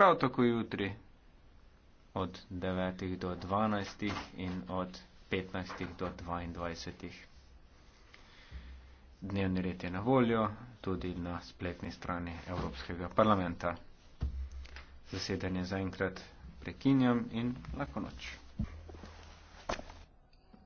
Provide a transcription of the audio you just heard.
prav tako jutri od 9. do 12. in od 15. do 22. Dnevni red je na voljo tudi na spletni strani Evropskega parlamenta. Zasedanje zaenkrat prekinjam in lahko noč.